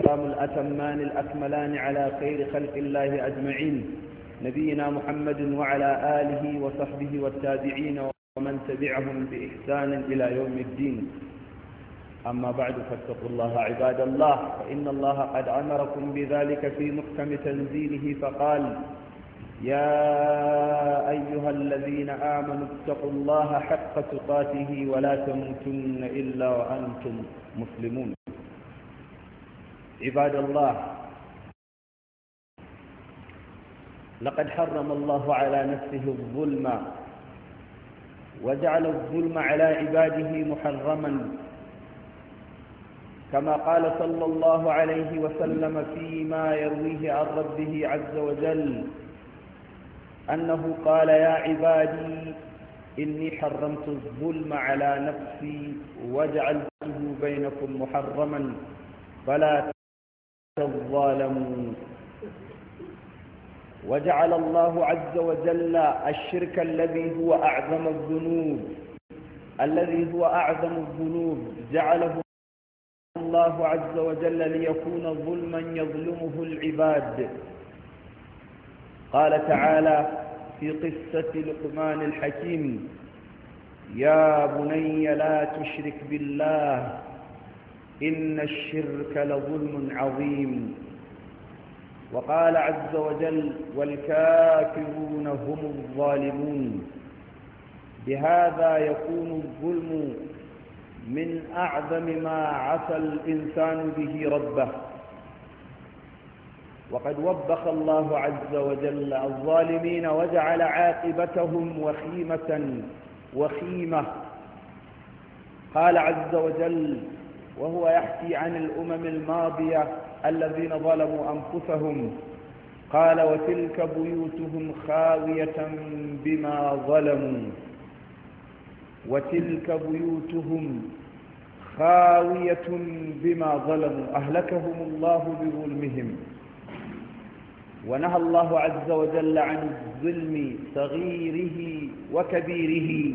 السلام الأتمان الأكملان على خير خلق الله أجمعين نبينا محمد وعلى آله وصحبه والتابعين ومن تبعهم بإحسان إلى يوم الدين أما بعد فاتقوا الله عباد الله فإن الله قد أمركم بذلك في محكم تنزيله فقال يا أيها الذين آمنوا اتقوا الله حق تقاته ولا تموتن إلا وأنتم مسلمون عباد الله لقد حرم الله على نفسه الظلم وجعل الظلم على عباده محرما كما قال صلى الله عليه وسلم فيما يرويه عن ربه عز وجل أنه قال يا عبادي إني حرمت الظلم على نفسي وجعلته بينكم محرما فلا الظالمون وجعل الله عز وجل الشرك الذي هو أعظم الذنوب الذي هو أعظم الذنوب جعله الله عز وجل ليكون ظلما يظلمه العباد قال تعالى في قصة لقمان الحكيم يا بني لا تشرك بالله إن الشرك لظلم عظيم وقال عز وجل والكافرون هم الظالمون بهذا يكون الظلم من أعظم ما عصى الإنسان به ربه وقد وبخ الله عز وجل الظالمين وجعل عاقبتهم وخيمة وخيمة قال عز وجل وهو يحكي عن الأمم الماضية الذين ظلموا أنفسهم قال وتلك بيوتهم خاوية بما ظلموا وتلك بيوتهم خاوية بما ظلموا أهلكهم الله بظلمهم ونهى الله عز وجل عن الظلم صغيره وكبيره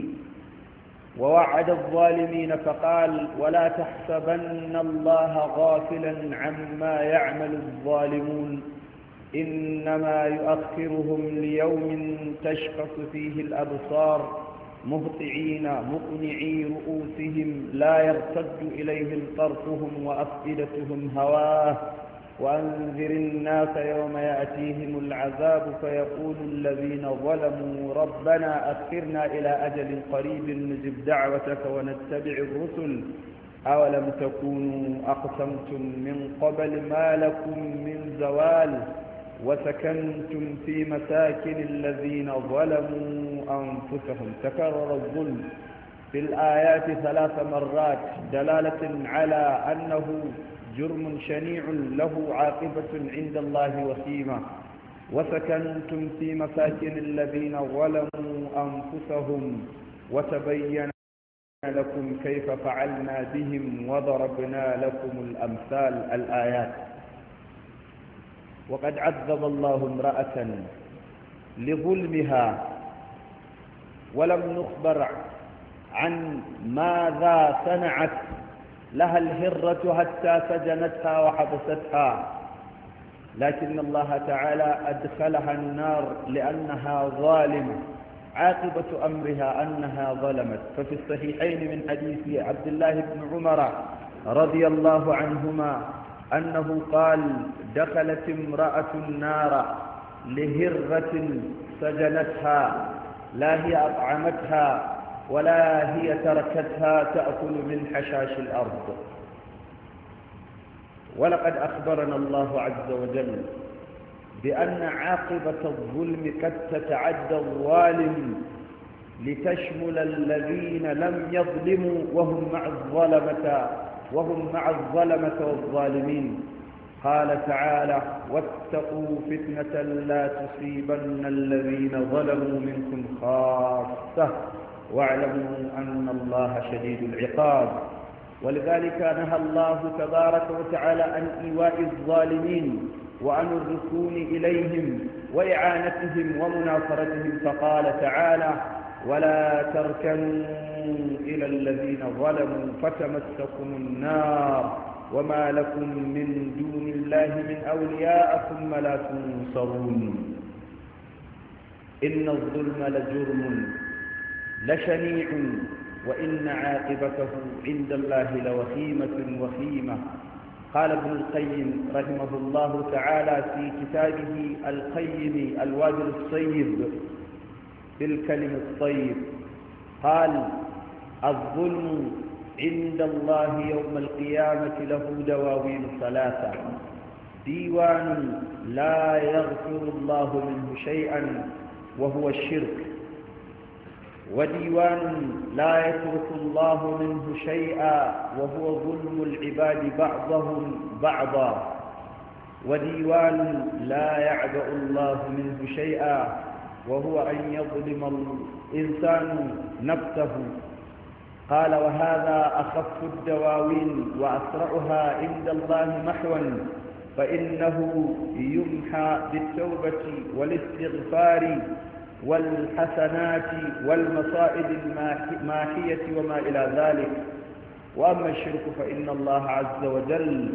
ووعد الظالمين فقال ولا تحسبن الله غافلا عما يعمل الظالمون إنما يؤخرهم ليوم تشخص فيه الأبصار مهطعين مقنعي رؤوسهم لا يرتد إليهم طرفهم وأفئدتهم هواه وأنذر الناس يوم يأتيهم العذاب فيقول الذين ظلموا ربنا أخرنا إلى أجل قريب نجب دعوتك ونتبع الرسل أولم تكونوا أقسمتم من قبل ما لكم من زوال وسكنتم في مساكن الذين ظلموا أنفسهم تكرر الظلم في الآيات ثلاث مرات دلالة على أنه جرم شنيع له عاقبة عند الله وخيمة وسكنتم في مساكن الذين ظلموا أنفسهم وتبين لكم كيف فعلنا بهم وضربنا لكم الأمثال الآيات وقد عذب الله امرأة لظلمها ولم نخبر عن ماذا صنعت لها الهرة حتى سجنتها وحبستها لكن الله تعالى أدخلها النار لأنها ظالمة عاقبة أمرها أنها ظلمت ففي الصحيحين من حديث عبد الله بن عمر رضي الله عنهما أنه قال دخلت امرأة النار لهرة سجنتها لا هي أطعمتها ولا هي تركتها تأكل من حشاش الأرض ولقد أخبرنا الله عز وجل بأن عاقبة الظلم قد تتعدى الظالم لتشمل الذين لم يظلموا وهم مع الظلمة وهم مع الظلمة والظالمين قال تعالى واتقوا فتنة لا تصيبن الذين ظلموا منكم خاصة واعلموا أن الله شديد العقاب ولذلك نهى الله تبارك وتعالى عن إيواء الظالمين وعن الرسول إليهم وإعانتهم ومناصرتهم فقال تعالى ولا تركنوا إلى الذين ظلموا فتمسكم النار وما لكم من دون الله من أولياء ثم لا تنصرون إن الظلم لجرم لشنيع وإن عاقبته عند الله لوخيمة وخيمة قال ابن القيم رحمه الله تعالى في كتابه القيم الواجر الصيب بالكلم الصيب قال الظلم عند الله يوم القيامة له دواوين ثلاثة ديوان لا يغفر الله منه شيئا وهو الشرك وديوان لا يترك الله منه شيئا وهو ظلم العباد بعضهم بعضا وديوان لا يعبأ الله منه شيئا وهو أن يظلم الإنسان نفسه قال وهذا أخف الدواوين وأسرعها عند الله محوا فإنه يمحى بالتوبة والاستغفار والحسنات والمصائد الماحية وما إلى ذلك وأما الشرك فإن الله عز وجل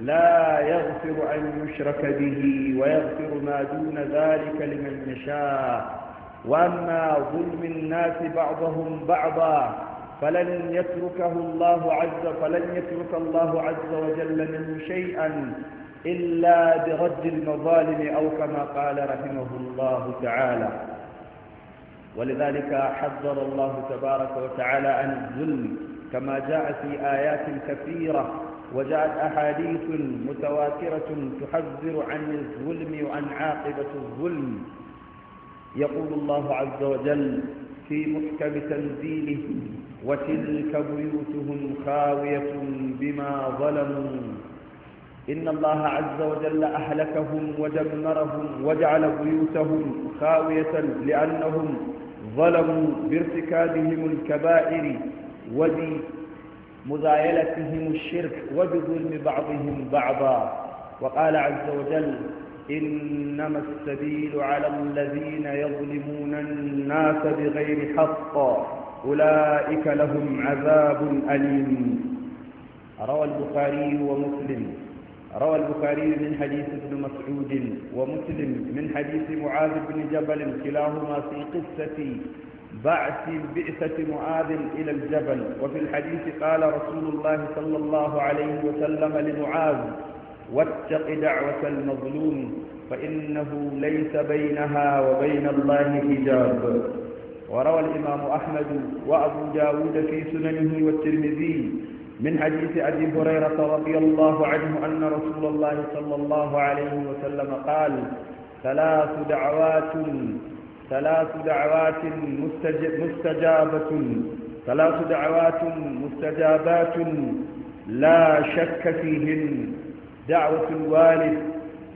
لا يغفر أن يشرك به ويغفر ما دون ذلك لمن يشاء وأما ظلم الناس بعضهم بعضا فلن يتركه الله عز فلن يترك الله عز وجل منه شيئا إلا برد المظالم أو كما قال رحمه الله تعالى ولذلك حذر الله تبارك وتعالى عن الظلم كما جاء في آيات كثيرة وجاءت أحاديث متواترة تحذر عن الظلم وعن عاقبة الظلم يقول الله عز وجل في محكم تنزيله وتلك بيوتهم خاوية بما ظلموا إن الله عز وجل أهلكهم ودمرهم وجعل بيوتهم خاوية لأنهم ظلموا بارتكابهم الكبائر وبمزايلتهم الشرك وبظلم بعضهم بعضا وقال عز وجل إنما السبيل على الذين يظلمون الناس بغير حق أولئك لهم عذاب أليم روى البخاري ومسلم روى البخاري من حديث ابن مسعود ومسلم من حديث معاذ بن جبل كلاهما في قصة بعث بعثة معاذ إلى الجبل وفي الحديث قال رسول الله صلى الله عليه وسلم لمعاذ واتق دعوة المظلوم فإنه ليس بينها وبين الله حجاب وروى الإمام أحمد وأبو داود في سننه والترمذي من حديث أبي هريرة رضي الله عنه أن رسول الله صلى الله عليه وسلم قال ثلاث دعوات ثلاث دعوات مستجابة ثلاث دعوات مستجابات لا شك فيهن دعوة الوالد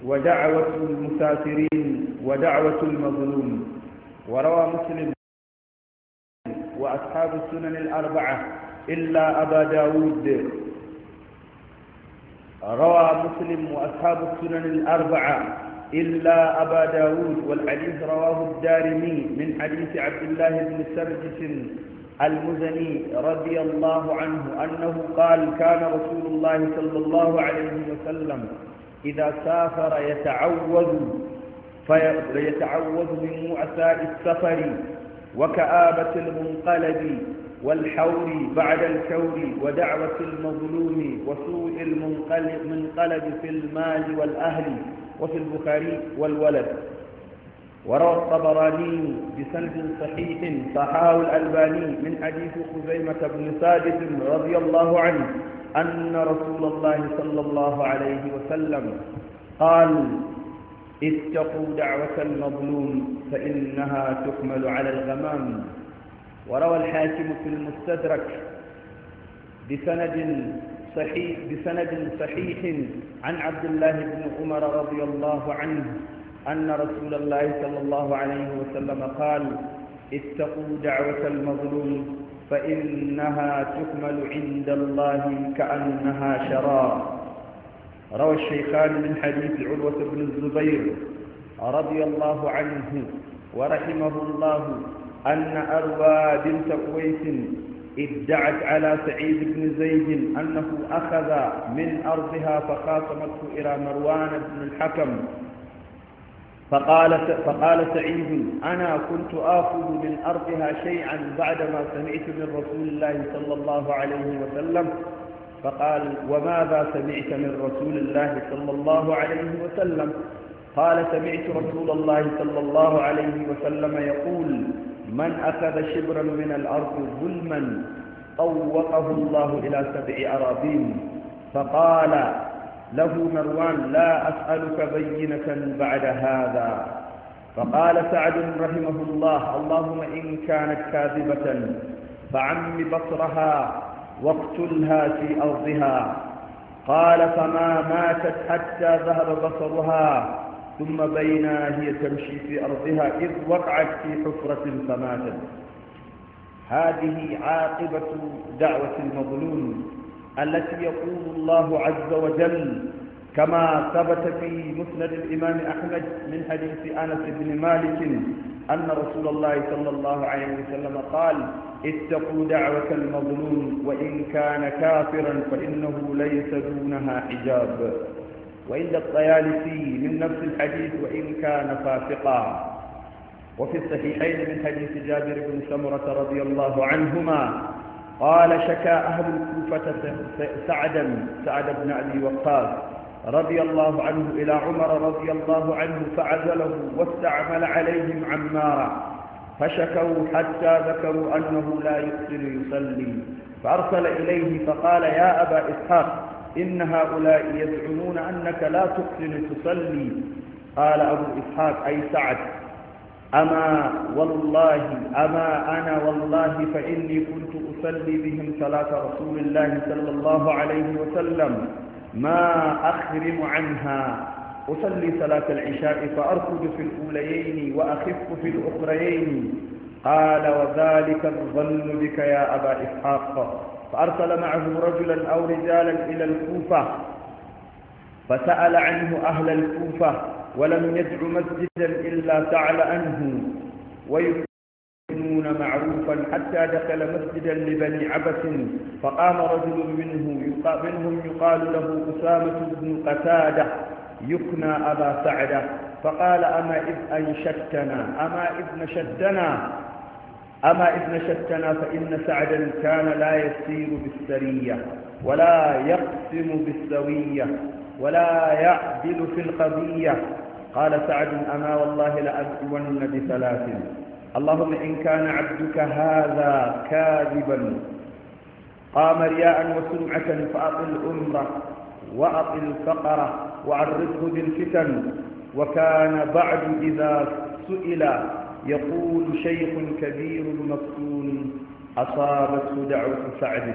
ودعوة المسافرين ودعوة المظلوم وروى مسلم وأصحاب السنن الأربعة إلا أبا داود روى مسلم وأصحاب السنن الأربعة إلا أبا داود والحديث رواه الدارمي من حديث عبد الله بن سرجس المزني رضي الله عنه أنه قال كان رسول الله صلى الله عليه وسلم إذا سافر يتعوذ فيتعوذ من مؤساء السفر وكآبة المنقلب والحور بعد الكور ودعوة المظلوم وسوء المنقلب في المال والأهل وفي البخاري والولد وروى الطبراني بسند صحيح صحاه الألباني من حديث خزيمة بن ثابت رضي الله عنه أن رسول الله صلى الله عليه وسلم قال اتقوا دعوة المظلوم فإنها تحمل على الغمام وروى الحاكم في المستدرك بسند صحيح, بسند صحيح عن عبد الله بن عمر رضي الله عنه أن رسول الله صلى الله عليه وسلم قال اتقوا دعوة المظلوم فإنها تكمل عند الله كأنها شرار روى الشيخان من حديث عروة بن الزبير رضي الله عنه ورحمه الله أن أروى بنت قويس ادعت على سعيد بن زيد أنه أخذ من أرضها فخاصمته إلى مروان بن الحكم فقال, فقال سعيد أنا كنت آخذ من أرضها شيئا بعدما سمعت من رسول الله صلى الله عليه وسلم فقال وماذا سمعت من رسول الله صلى الله عليه وسلم قال سمعت رسول الله صلى الله عليه وسلم يقول من أخذ شبرا من الأرض ظلما طوقه الله إلى سبع أراضين فقال له مروان لا أسألك بينة بعد هذا فقال سعد رحمه الله اللهم إن كانت كاذبة فعم بصرها واقتلها في أرضها قال فما ماتت حتى ذهب بصرها ثم بينا هي تمشي في أرضها إذ وقعت في حفرة فماتت هذه عاقبة دعوة المظلوم التي يقول الله عز وجل كما ثبت في مسند الإمام أحمد من حديث أنس بن مالك أن رسول الله صلى الله عليه وسلم قال اتقوا دعوة المظلوم وإن كان كافرا فإنه ليس دونها حجاب وعند الطيالسي من نفس الحديث وإن كان فاسقا وفي الصحيحين من حديث جابر بن سمرة رضي الله عنهما قال شكا أهل الكوفة سعدا سعد بن أبي وقاص رضي الله عنه إلى عمر رضي الله عنه فعزله واستعمل عليهم عمارا فشكوا حتى ذكروا أنه لا يحسن يصلي فأرسل إليه فقال يا أبا إسحاق إن هؤلاء يزعمون أنك لا تحسن تصلي قال أبو إسحاق أي سعد أما والله أما أنا والله فإني كنت أصلي بهم صلاة رسول الله صلى الله عليه وسلم ما أخرم عنها أصلي صلاة العشاء فأركض في الأوليين وأخف في الأخريين قال وذلك الظن بك يا أبا إسحاق فأرسل معه رجلا أو رجالا إلى الكوفة فسأل عنه أهل الكوفة ولم يدع مسجدا إلا سأل عنه ويكونون معروفا حتى دخل مسجدا لبني عبس فقام رجل منه منهم يقال له أسامة بن قتادة يكنى أبا سعدة فقال أما إذ أنشدتنا أما إذ نشدنا أما إذ نشدتنا فإن سعدا كان لا يسير بالسرية ولا يقسم بالسوية ولا يعدل في القضية قال سعد أما والله لأبئون بثلاث اللهم إن كان عبدك هذا كاذبا قام رياء وسمعة فأطل أمره وأطل فقره وعرضه بالفتن وكان بعد إذا سئل يقول شيخ كبير مفتون أصابته دعوة سعد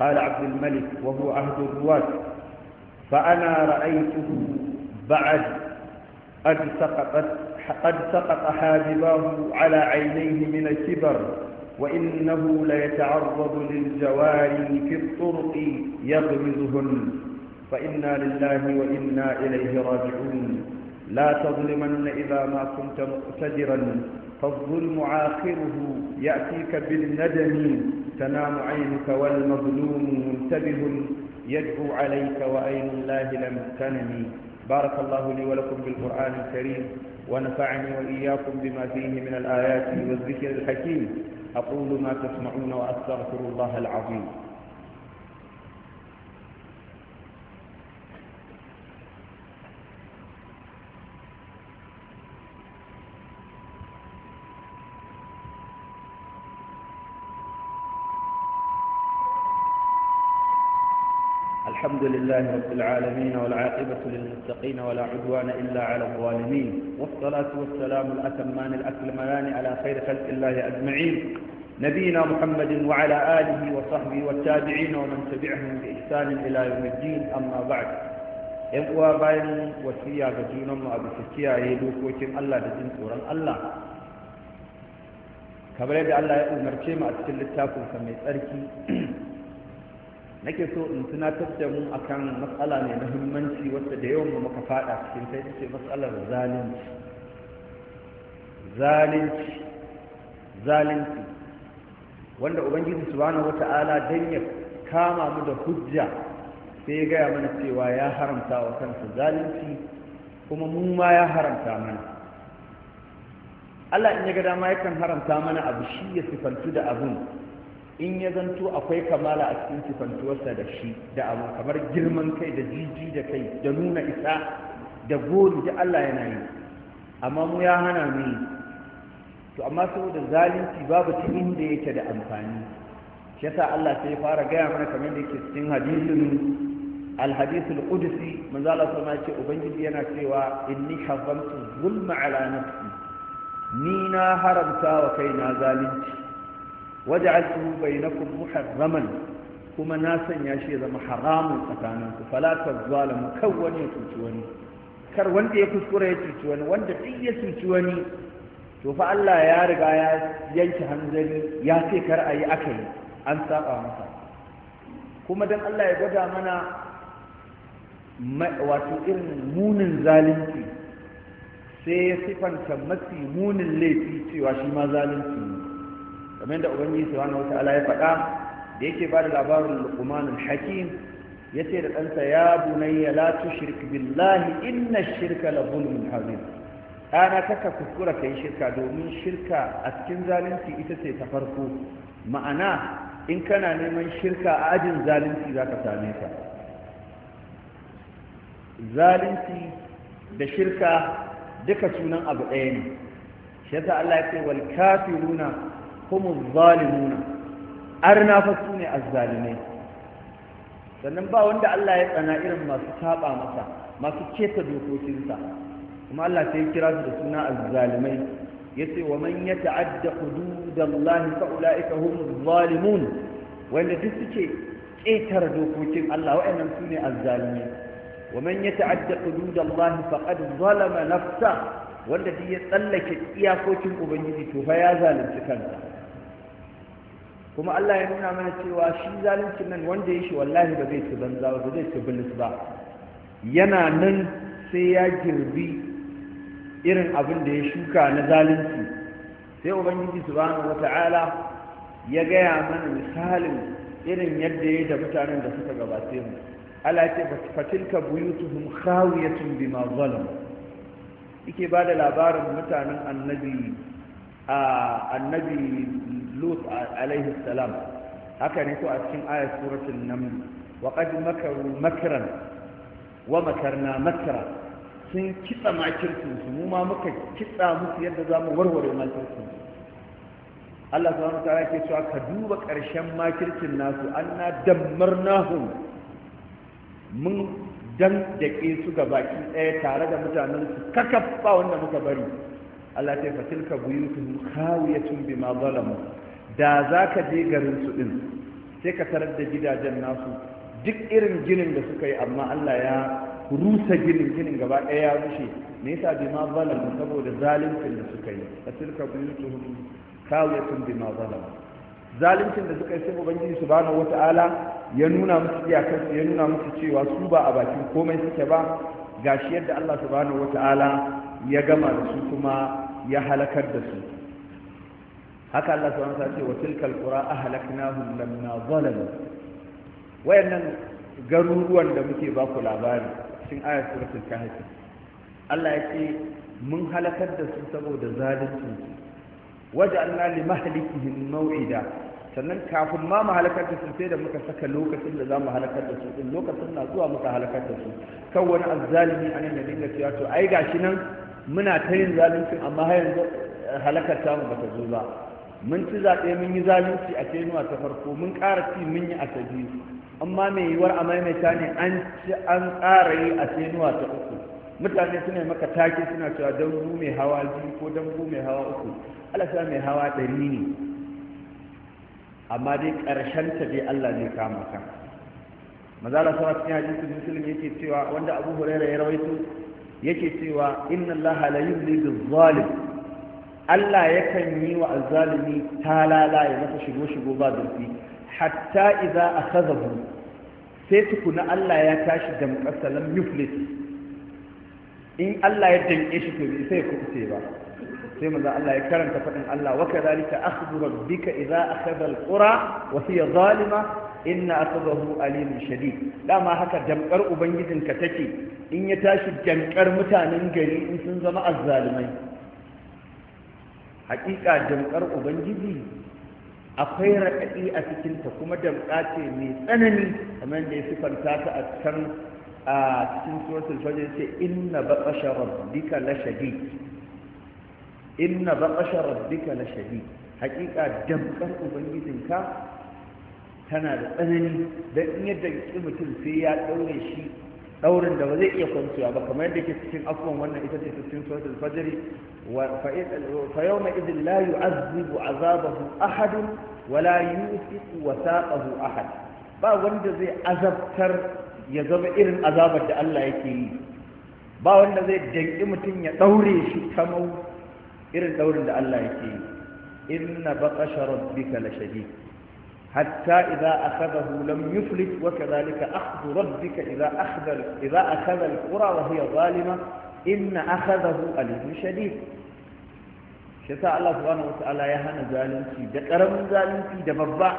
قال عبد الملك وهو عهد الرواة فأنا رأيته بعد قد سقطت قد سقط حاجباه على عينيه من الكبر وإنه ليتعرض للجواري في الطرق يغمزهن فإنا لله وإنا إليه راجعون لا تظلمن إذا ما كنت مقتدرا فالظلم عاخره يأتيك بالندم تنام عينك والمظلوم منتبه يدعو عليك وعين الله لم تنم بارك الله لي ولكم بالقرآن الكريم ونفعني وإياكم بما فيه من الآيات والذكر الحكيم أقول ما تسمعون وأستغفر الله العظيم الحمد لله رب العالمين والعاقبة للمتقين ولا عدوان إلا على الظالمين والصلاة والسلام الأتمان الأكلمان على خير خلق الله أجمعين نبينا محمد وعلى آله وصحبه والتابعين ومن تبعهم بإحسان إلى يوم الدين أما بعد ‘yan بين وسيا wasiya الله أبو سكيا bisa kiyaye الله Allah سورة الله tsoron Allah kamar yadda أتكلم ya umarce mu nake so in tunatar da mu akan matsala mai muhimmanci wacce da yawan mu muka fada cikin ta ita ce matsalar zalunci zalunci zalunci wanda ubangiji subhanahu wata'ala dan ya kama mu da hujja sai ya gaya mana cewa ya haramta wa kansa zalunci kuma mu ma ya haramta mana Allah in ya ga dama yakan haramta mana abu shi ya sifantu da abun in ya zanto akwai kamala a cikin sifantuwarsa da shi da abu kamar girman kai da jiji da kai da nuna isa da gori da Allah yana yi amma mu ya hana mu to amma saboda zalunci babu ta inda yake da amfani shi Allah sai fara gaya mana kamar da yake cikin hadisin الحديث القدسي من ذا الله سمعت أبنجي أنا سوى إني حرمت الظلم على نفسي نينا هرمتا وكينا ذالنتي waja'altuhu bainakum muharraman kuma na sanya shi ya zama haramun tsakaninku fala tazalamu kan wani ya cuci wani kar wanda ya kuskura ya cuci wani wanda duk ya cuci wani to fa Allah ya riga ya yanke hanzari ya ce kar a yi aka yi an saba masa kuma dan Allah ya gwada mana wato irin munin zalunci sai ya sifanta mafi munin laifi cewa shi ma zalunci ne kamar da ubangiji wata wata ya faɗa da yake ba da labarin luqmanul hakim yace da ɗansa ya bunayya la tushrik billahi inna shirka la zulmun hazim ana kaka kuskura kai shirka domin shirka a cikin zalunci ita ce ta farko ma'ana in kana neman shirka a ajin zalunci za ka same ka zalunci da shirka duka sunan abu ɗaya ne shi yasa Allah ya ce wal kafiruna kuma zalimuna arna fa su sannan ba wanda Allah ya tsana irin masu saba masa masu keta dokokinsa kuma Allah sai kira su da suna azzalimai yace wa man yata'adda hududallahi fa ulaika humuz zalimun wanda duk suke ƙetare dokokin Allah wa'annan sune ne azzalimai wa man yata'adda hududallahi faqad zalama nafsa wanda duk ya tsallake iyakokin ubangiji to fa ya zalunci kansa kuma Allah ya nuna mana cewa shi zaluncin nan wanda ya shi wallahi ba zai ci banza ba zai ci bilis ba yana nan sai ya girbi irin abin da ya shuka na zalunci sai ubangiji subhanahu wata'ala ya gaya mana misalin irin yadda ya da mutanen da suka gabace mu ya ce fatilka buyutuhum khawiyatun bima zalam yake ba da labarin mutanen annabi annabi lut alaihi salam haka ne ko a cikin ayat suratul naml wa qad makaru makran wa makarna makra sun kitsa makircin su mu ma muka kitsa musu yadda za mu warware makircin Allah subhanahu ta'ala ke cewa ka duba ƙarshen makircin nasu anna dammarnahum mun dan dake su ga baki ɗaya tare da mutanen su kakaf wanda muka bari Allah ta fa tilka buyutuhum khawiyatun bima zalamu da zaka je garin su din sai ka tarar da gidajen nasu duk irin ginin da suka yi amma Allah ya rusa ginin ginin gaba ɗaya ya rushe me yasa bima zalamu saboda zaluncin da suka yi fa tilka buyutuhum khawiyatun bima zalamu zaluncin da suka yi sai ubangiji subhanahu wataala ya nuna musu iyakarsu ya nuna musu cewa su ba a bakin komai suke ba gashi yadda Allah subhanahu wataala ya gama da su kuma ya halakar da su haka Allah subhanahu wa ce wa tilkal qura ahlaknahum lamma zalamu wayannan garuruwan da muke ba ku labari cikin ayat suratul kahf Allah ya ce mun halakar da su saboda zalunci waja'alna li mahlikihim maw'ida sannan kafin ma mu halakar da su sai da muka saka lokacin da za mu halakar da su din lokacin na zuwa muka halakar da su kan wani azzalimi anan ya dinga cewa to ai gashi nan muna ta yin zalunci amma har yanzu eh, halakar tamu bata zo ba mun ci zaɓe mun yi zalunci a nuwa ta farko mun ƙara ci mun yi a ta biyu amma mai yiwuwar a maimaita ne an ci an ƙara yi a nuwa ta uku mutane suna maka take suna cewa dambu mai hawa biyu ko dambu mai hawa uku alasa mai hawa ɗari ne amma dai ƙarshen ta dai allah zai kama ka mazala sawa cikin hadisi musulmi yake cewa wanda abu huraira ya rawaito yake cewa inna allaha la yumli zalim Allah yakan yi wa azzalimi talala ya masa shigo shigo ba zurfi hatta idza akhadhahu sai tukuna Allah ya tashi da muqassalam yuflis in Allah ya danke shi to bai sai ba sai manzo Allah ya karanta fadin Allah wa kadhalika akhdhu rabbika idza akhadha alqura wa hiya zalima inna akhadahu alimun shadid dama haka damkar ka take in ya tashi damkar mutanen gari in sun zama azzalumai hakika damkar ubangiji akwai raƙaɗi a cikin ta kuma damka ce mai tsanani kamar da ya sifanta ta a cikin a cikin suratul fajr ce inna baqasha rabbika la shadid inna baqasha rabbika la shadid hakika damkar ka. tana da tsanani don in yadda ki mutum sai ya ɗaure shi ɗaurin da ba zai iya kwanciya ba kamar yadda ke cikin afwan wannan ita ce cikin suratul fajri fa yawma idin la yu'azzibu azabahu ahad wa la yusiqu wasaqahu ahad ba wanda zai azabtar ya zama irin azabar da Allah yake yi ba wanda zai danki mutum ya ɗaure shi kamar irin ɗaurin da Allah yake yi inna baqasha rabbika la shadid حتى إذا أخذه لم يفلت وكذلك أخذ ربك إذا أخذ, إذا أخذ القرى وهي ظالمة إن أخذه أليم شديد شتاء الله سبحانه وتعالى في يهنى من ظالم في دببع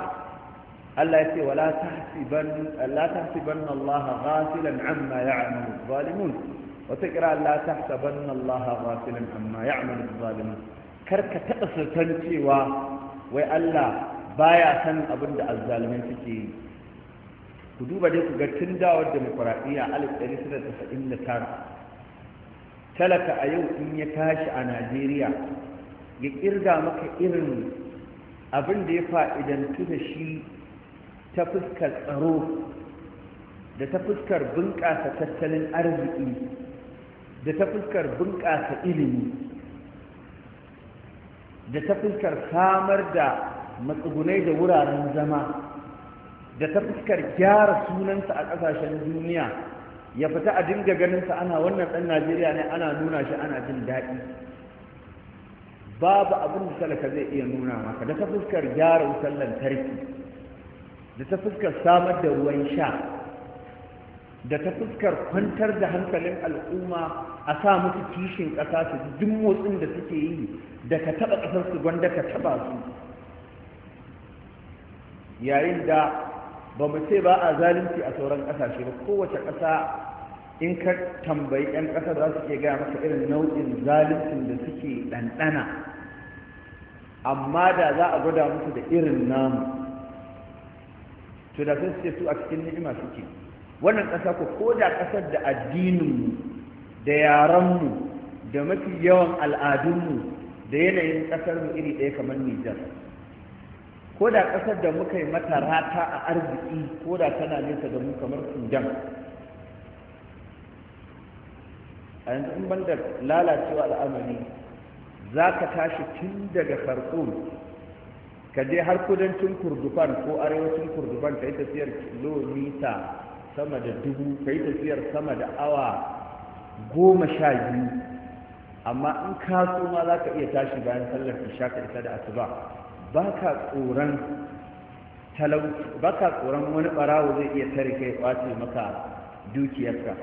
الله يقول ولا تحسبن لا تحسبن الله غافلا عما يعمل الظالمون وتقرا لا تحسبن الله غافلا عما يعمل الظالمون كرك تقصر تنتي و وي الله baya san abin da azzalumin suke yi ku duba dai ku ga tun dawar demokuraɗiyya alif ɗari da tara talaka a yau in ya tashi a najeriya ya ƙirga maka irin abin da ya fa'idantu da shi ta fuskar tsaro da ta fuskar bunƙasa tattalin arziki da ta fuskar bunƙasa ilimi da ta fuskar samar da matsugunai da wuraren zama da ta fuskar gyara sunansa a ƙasashen duniya ya fita a dinga ganinsa ana wannan ɗan najeriya ne ana nuna shi ana jin daɗi babu abin da talaka zai iya nuna maka da ta fuskar gyara wutar lantarki da ta fuskar samar da ruwan sha da ta fuskar kwantar da hankalin al'umma a sa musu kishin ƙasa su duk motsin da suke yi da ka taɓa ƙasar su gwanda ka taɓa su yayin da ba mu ce ba a zalunci a sauran ƙasashe ba kowace kasa in ka tambayi 'yan ƙasar za su ke gaya masa irin nau'in zaluncin da suke ɗanɗana amma da za a gwada musu da irin namu to da sun ce su a cikin ni'ima suke wannan ƙasa ko ko da ƙasar da addininmu da yarenmu da mafi yawan al'adunmu da yanayin ƙasarmu iri ɗaya kamar nijar ko da ƙasar da muka yi mata rata a arziki ko da tana nesa da mu kamar sudan a yanzu in banda lalacewa al'amari za ka tashi tun daga farko ka je har kudancin kurdufan ko arewacin kurdufan ka yi tafiyar kilomita sama da dubu ka yi tafiyar sama da awa goma sha biyu amma in ka so ma za ka iya tashi bayan sallar isha ka isa da asuba ba ka tsoron wani ɓarawo zai iya tare kai kwace maka dukiyarka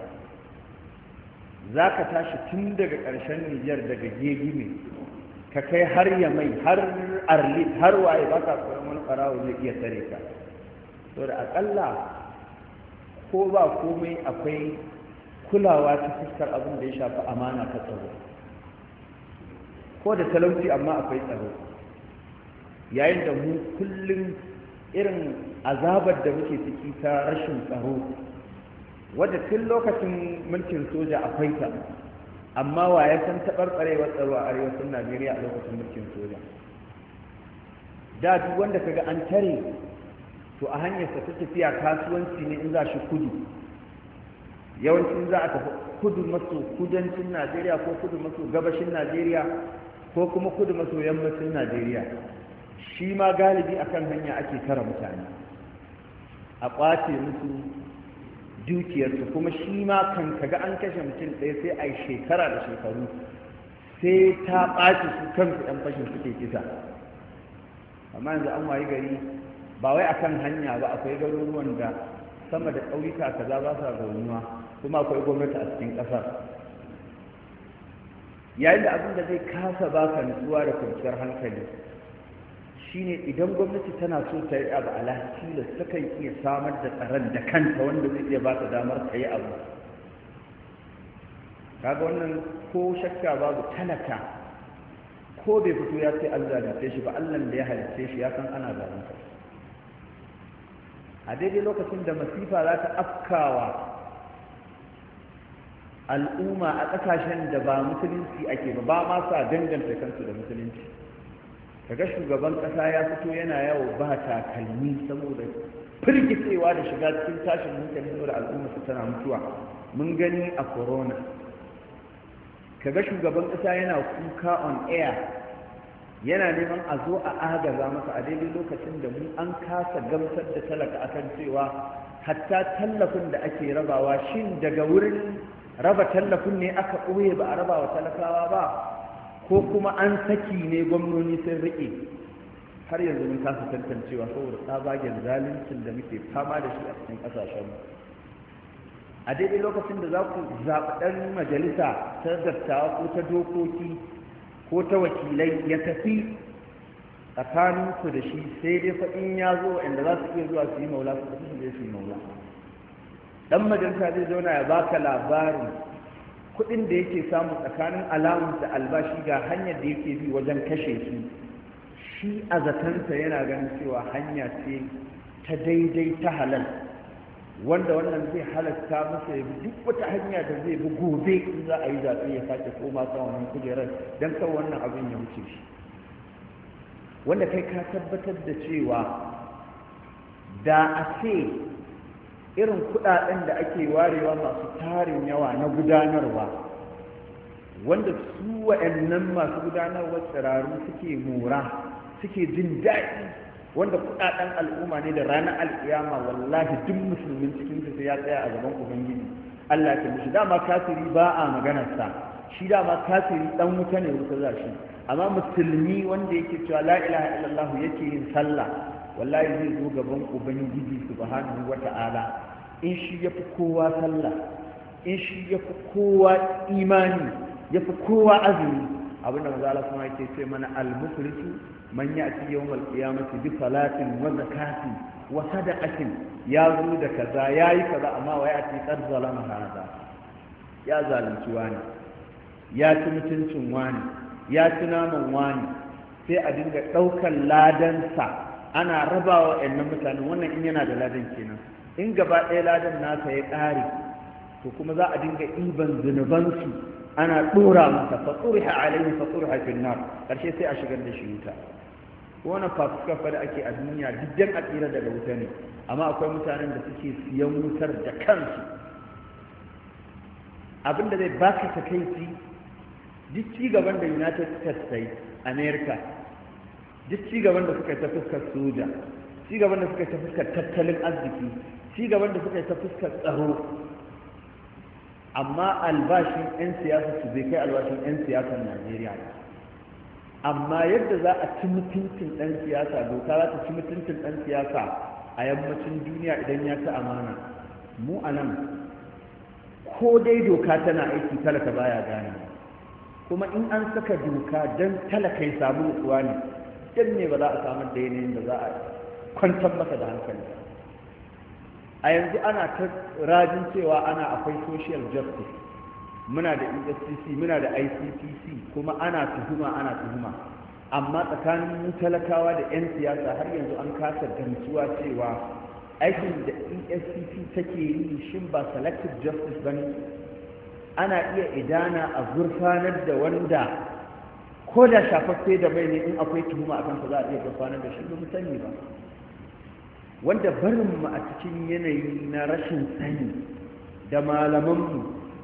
za ka tashi tun daga ƙarshen nijar daga gegime ka kai har yamai har arli har waye ba ka tsoron wani ɓarawo zai iya tare ka to da aƙalla ko ba komai akwai kulawa ta fuskar abin da ya shafi amana ta tsaro ko da talauci amma akwai tsaro yayin da mu kullum irin azabar da muke ciki ta rashin tsaro wadda tun lokacin mulkin soja akwai ta amma wa ya san taɓarɓarewar tsaro a arewacin najeriya a lokacin mulkin soja da duk wanda kaga an tare to a hanyarsa ta tafiya kasuwanci ne in za shi kudu yawancin za a tafi kudu maso kudancin najeriya ko kudu maso gabashin najeriya ko kuma kudu maso yammacin najeriya shi ma galibi akan hanya ake tara mutane a ƙwace musu dukiyarsu kuma shi ma kan kaga an kashe mutum ɗaya sai a shekara da shekaru sai ta ɓace su kansu ɗan fashin suke kisa amma yanzu an wayi gari ba wai akan hanya ba akwai garuruwan da sama da ƙauyuka kaza ba sa zaunuwa kuma akwai gwamnati a cikin ƙasar yayin da abin da zai kasa ba ka nutsuwa da kwanciyar hankali shine idan gwamnati tana so ta yi abu ala tilas kan iya samar da tsaron da kanta wanda zai iya ba ta damar ta yi abu kaga wannan ko shakka babu talaka ko bai fito ya ce an zalunce shi ba allah da ya halitta shi ya san ana zalunta a daidai lokacin da masifa za ta afkawa al'umma a ƙasashen da ba musulunci ake ba ba ma sa danganta kansu da musulunci kaga shugaban kasa ya fito yana yawo ba takalmi saboda firgicewa da shiga cikin tashin hankali saboda al'umma su tana mutuwa mun gani a corona kaga shugaban kasa yana kuka on air yana neman a zo a agaza masa a daidai lokacin da mu an kasa gamsar da talaka akan cewa hatta tallafin da ake rabawa shin daga wurin raba tallafin ne aka ɓoye ba a raba wa talakawa ba ko kuma an saki ne gwamnoni sun riƙe har yanzu mun kasa tantancewa saboda tsabagen zaluncin da muke fama da shi a cikin ƙasashen a daidai lokacin da za ku zaɓi ɗan majalisa ta dattawa ko ta dokoki ko ta wakilai ya tafi tsakaninku da shi sai dai faɗin ya zo inda za su iya zuwa su yi maula su tafi su je su yi maula ɗan majalisa zai zauna ya baka labarin kuɗin da yake samu tsakanin alamun da albashi ga hanyar da yake bi wajen kashe shi shi a zatansa yana ganin cewa hanya ce ta daidai ta halal wanda wannan zai halatta masa ya bi duk wata hanya da zai bi gobe in za a yi zaɓe ya sake koma samun wannan kujerar don kan wannan abin ya wuce shi wanda kai ka tabbatar da cewa da a ce irin kudaden da ake warewa masu tarin yawa na gudanarwa wanda su wa'annan masu gudanarwa tsiraru suke mora suke jin daɗi wanda kudaden al'umma ne da ranar alkiyama wallahi duk musulmin cikin sai ya tsaya a gaban ubangiji Allah ya mishi dama kafiri ba a maganarsa shi dama kafiri dan wuta ne wuta za shi amma musulmi wanda yake cewa la ilaha illallah yake yin sallah wallahi zai zo gaban ubangiji subhanahu wata'ala in shi ya fi kowa sallah in shi ya fi kowa imani ya fi kowa azumi abinda maza Allah kuma yake ce mana al-muflisu man ya'ti yawmal qiyamati bi salatin wa zakatin wa sadaqatin ya zo da kaza yayi kaza amma wa ya'ti qad zalama hada ya zalunci wani ya ci mutuncin wani ya ci naman wani sai a dinga ɗaukan ladansa ana rabawa ɗannan mutane wannan in yana da ladan kenan in gaba ɗaya ladan nasa ya ƙare to kuma za a dinga ɗiban zunubansu ana ɗora masa fatsuriha alaihi fatsuriha fil nar ƙarshe sai a shigar da shi wuta wannan fasuka da ake a duniya duk dan a daga wuta ne amma akwai mutanen da suke siyan wutar da kansu abinda zai baka takaici duk ci gaban da united states ta yi america duk cigaban da suka yi ta fuskar soja cigaban da suka yi ta fuskar tattalin arziki cigaban da suka yi ta fuskar tsaro amma albashin 'yan siyasa su bai kai albashin 'yan siyasar najeriya amma yadda za a ci mutuncin ɗan siyasa doka za ta ci mutuncin ɗan siyasa a yammacin duniya idan ya ci amana mu a nan ko dai doka tana aiki talaka baya gane kuma in an saka doka don talaka ya samu ruwa ne gaskiyan ne ba za a samar da yanayin da za a kwantar masa da hankali a yanzu ana ta rajin cewa ana akwai social justice muna da efcc muna da icpc kuma ana tuhuma ana tuhuma amma tsakanin mu talakawa da 'yan siyasa har yanzu an kasa gamsuwa cewa aikin da efcc take yi shin ba selective justice ba ne ana iya idana a gurfanar da wanda ko da shafaffe da mai ne in akwai tuhuma a kanta za a iya gafanar da shi ba mu sani ba wanda barin mu a cikin yanayi na rashin sani da malamanmu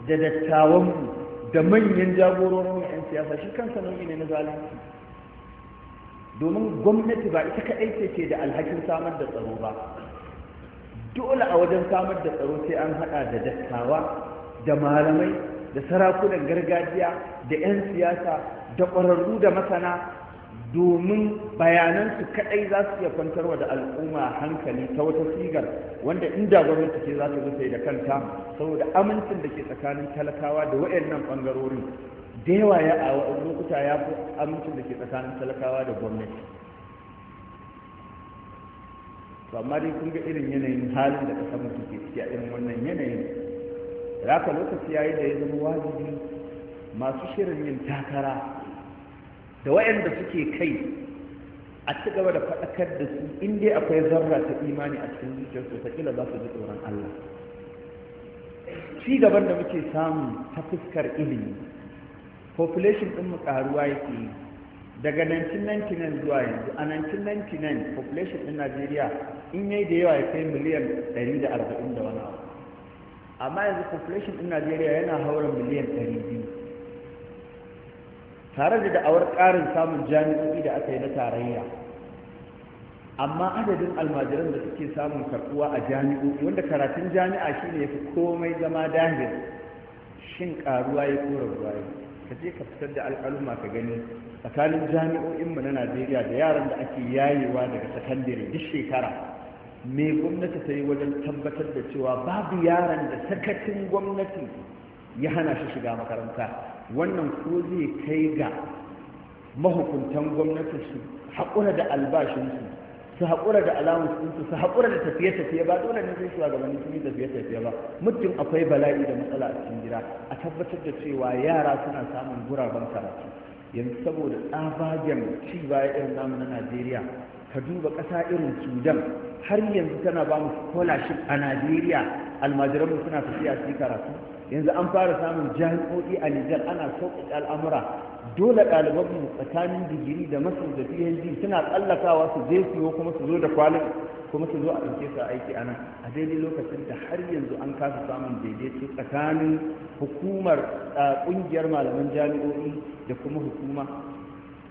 da dattawanmu da manyan jagororin 'yan siyasa shi kansa nau'i ne na zalunci domin gwamnati ba ita kaɗai ce da alhakin samar da tsaro ba dole a wajen samar da tsaro sai an haɗa da dattawa da malamai da sarakunan gargajiya da 'yan siyasa da ƙwararru da masana domin bayanansu kaɗai za su iya kwantarwa da al'umma hankali ta wata sigar wanda inda gwamnati ke za ta zo da kanta saboda amincin da ke tsakanin talakawa da waɗannan ɓangarorin da yawa ya a lokuta ya fi amincin da ke tsakanin talakawa da gwamnati to amma dai kun ga irin yanayin halin da ƙasar mutum ke ciki a irin wannan yanayin da lokaci ya yi da ya zama wajibi masu shirin yin takara da waɗanda suke kai a ci gaba da faɗakar da su in dai akwai zarra ta imani a cikin zuciyarsu ta kila za su ji tsoron Allah ci gaban da muke samu ta fuskar ilimi population din mu ƙaruwa yake yi daga 1999 zuwa yanzu a 1999 population din Najeriya in yayi da yawa ya kai miliyan 140 da wani abu amma yanzu population din Najeriya yana haura miliyan 200 tare da da'awar ƙarin samun jami'o'i da aka yi na tarayya amma adadin almajiran da suke samun karɓuwa a jami'o'i wanda karatun jami'a shi ne fi komai zama dahil shin ƙaruwa ya ko rabuwa ka je ka fitar da alƙaluma ka gani tsakanin jami'o'in mu na najeriya da yaran da ake yayewa daga sakandare duk shekara me gwamnati ta yi wajen tabbatar da cewa babu yaran da sakatin gwamnati ya hana shi shiga makaranta wannan ko zai kai ga mahukuntan gwamnati su haƙura da albashinsu su haƙura da alawansu su haƙura da tafiye-tafiye ba dole ne sai wani sun yi tafiye-tafiye ba Mutum akwai bala'i da matsala a cikin gida a tabbatar da cewa yara suna samun guraben karatu yanzu saboda tsabagen ci baya irin namu na najeriya ka duba ƙasa irin sudan har yanzu tana ba mu scholarship a najeriya almajiranmu suna tafiya su karatu yanzu an fara samun jami'o'i a Nijar ana sauƙaƙe al'amura dole ɗaliban tsakanin digiri da masu da PhD suna tsallakawa su je su kuma su zo da kwalin kuma su zo a ɗauke su aiki a nan a daidai lokacin da har yanzu an kasa samun daidaito tsakanin hukumar ƙungiyar malaman jami'o'i da kuma hukuma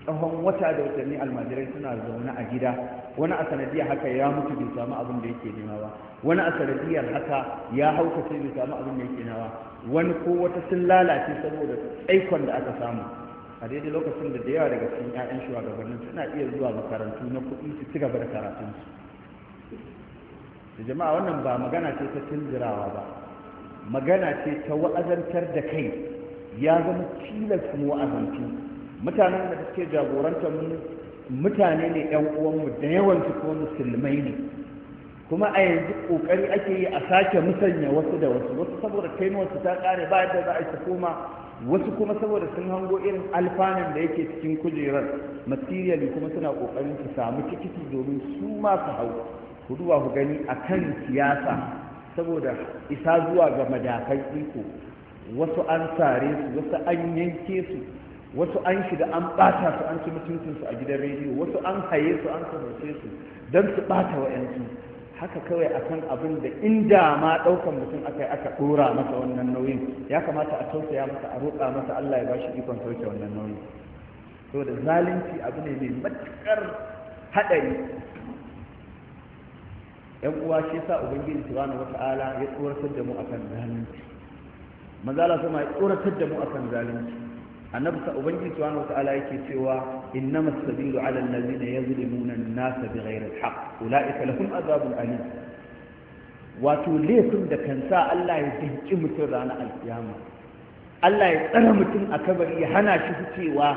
tsawon wata da watanni almajirai suna zaune a gida wani a sanadiyar haka ya mutu bai samu abin da yake nema ba wani a sanadiyar haka ya hauka sai bai samu abin da yake nema wani ko wata sun lalace saboda tsaikon da aka samu a daidai lokacin da da yawa daga cikin 'ya'yan shugabannin suna iya zuwa makarantu na kuɗi su ci gaba da karatunsu da jama'a wannan ba magana ce ta tunzirawa ba magana ce ta wa'azantar da kai ya zama tilas mu wa'azantu mutanen da suke jagorantar mu mutane ne yan uwanmu da yawan su ko musulmai ne kuma a yanzu kokari ake yi a sake musanya wasu da wasu wasu saboda kainuwarsu ta kare ba yadda za a koma wasu kuma saboda sun hango irin alfanan da yake cikin kujerar materially kuma suna kokarin su samu tikiti domin su ma su hau ku duba ku gani a kan siyasa saboda isa zuwa ga madafan iko wasu an sare su wasu an yanke su wasu an da an ɓata su an ci su a gidan rediyo wasu an haye su an kamarce su don su ɓata wa'yansu haka kawai akan abin da inda ma ɗaukan mutum aka yi aka ɗora masa wannan nauyin ya kamata a tausaya masa a roƙa masa Allah ya bashi ikon sauke wannan nauyin saboda zalunci abu ne mai matuƙar haɗari yan uwa shi sa ubangiji subhanahu wata'ala ya tsoratar da mu akan zalunci ya tsoratar da mu akan zalunci annabi sa ubangiji subhanahu wataala yake cewa innamas sabilu ala allazina yazlimuna an-nasa bighayri al-haqq ulaika lahum adhabun alim wato laifin da kan sa Allah ya dinki mutum ranar alkiyama Allah ya tsara mutum a kabari ya hana shi ficewa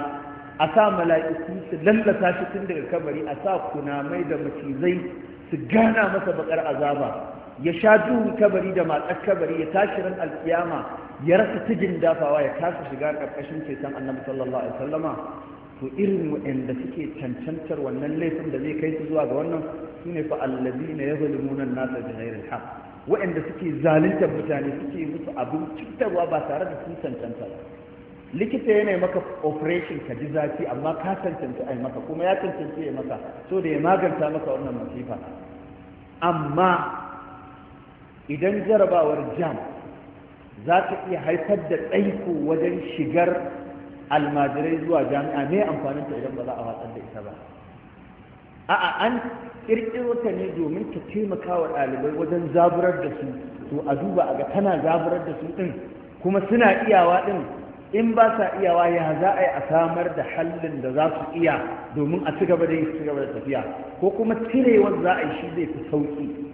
a sa mala'iku su lallata shi tun daga kabari a sa kunamai da macizai su gana masa bakar azaba ya sha duhun kabari da matsar kabari ya tashi ran alkiyama ya rasa tijin dafawa ya kasa shiga ƙarƙashin ceton annabi sallallahu alaihi wasallama to irin waɗanda suke cancantar wannan laifin da zai kai su zuwa ga wannan su ne fa allazi na ya zalimunan nasa da hairin waɗanda suke zaluntar mutane suke musu abin cutarwa ba tare da sun cancanta likita yana maka operation ka ji zafi amma ka cancanta a maka kuma ya cancanta ya maka so da ya maganta maka wannan masifa amma idan jarabawar jam za ta iya haifar da tsaiko wajen shigar almajirai zuwa jami'a ne ta idan ba za a watsar da ita ba a'a an ƙirƙiro ta ne domin ta taimaka wa ɗalibai wajen zaburar da su to a duba a ga tana zaburar da su ɗin kuma suna iyawa ɗin in ba sa iyawa ya za a yi a samar da hallin da za su iya domin a ci gaba da yi su ci gaba da tafiya ko kuma cirewar za a yi shi zai fi sauƙi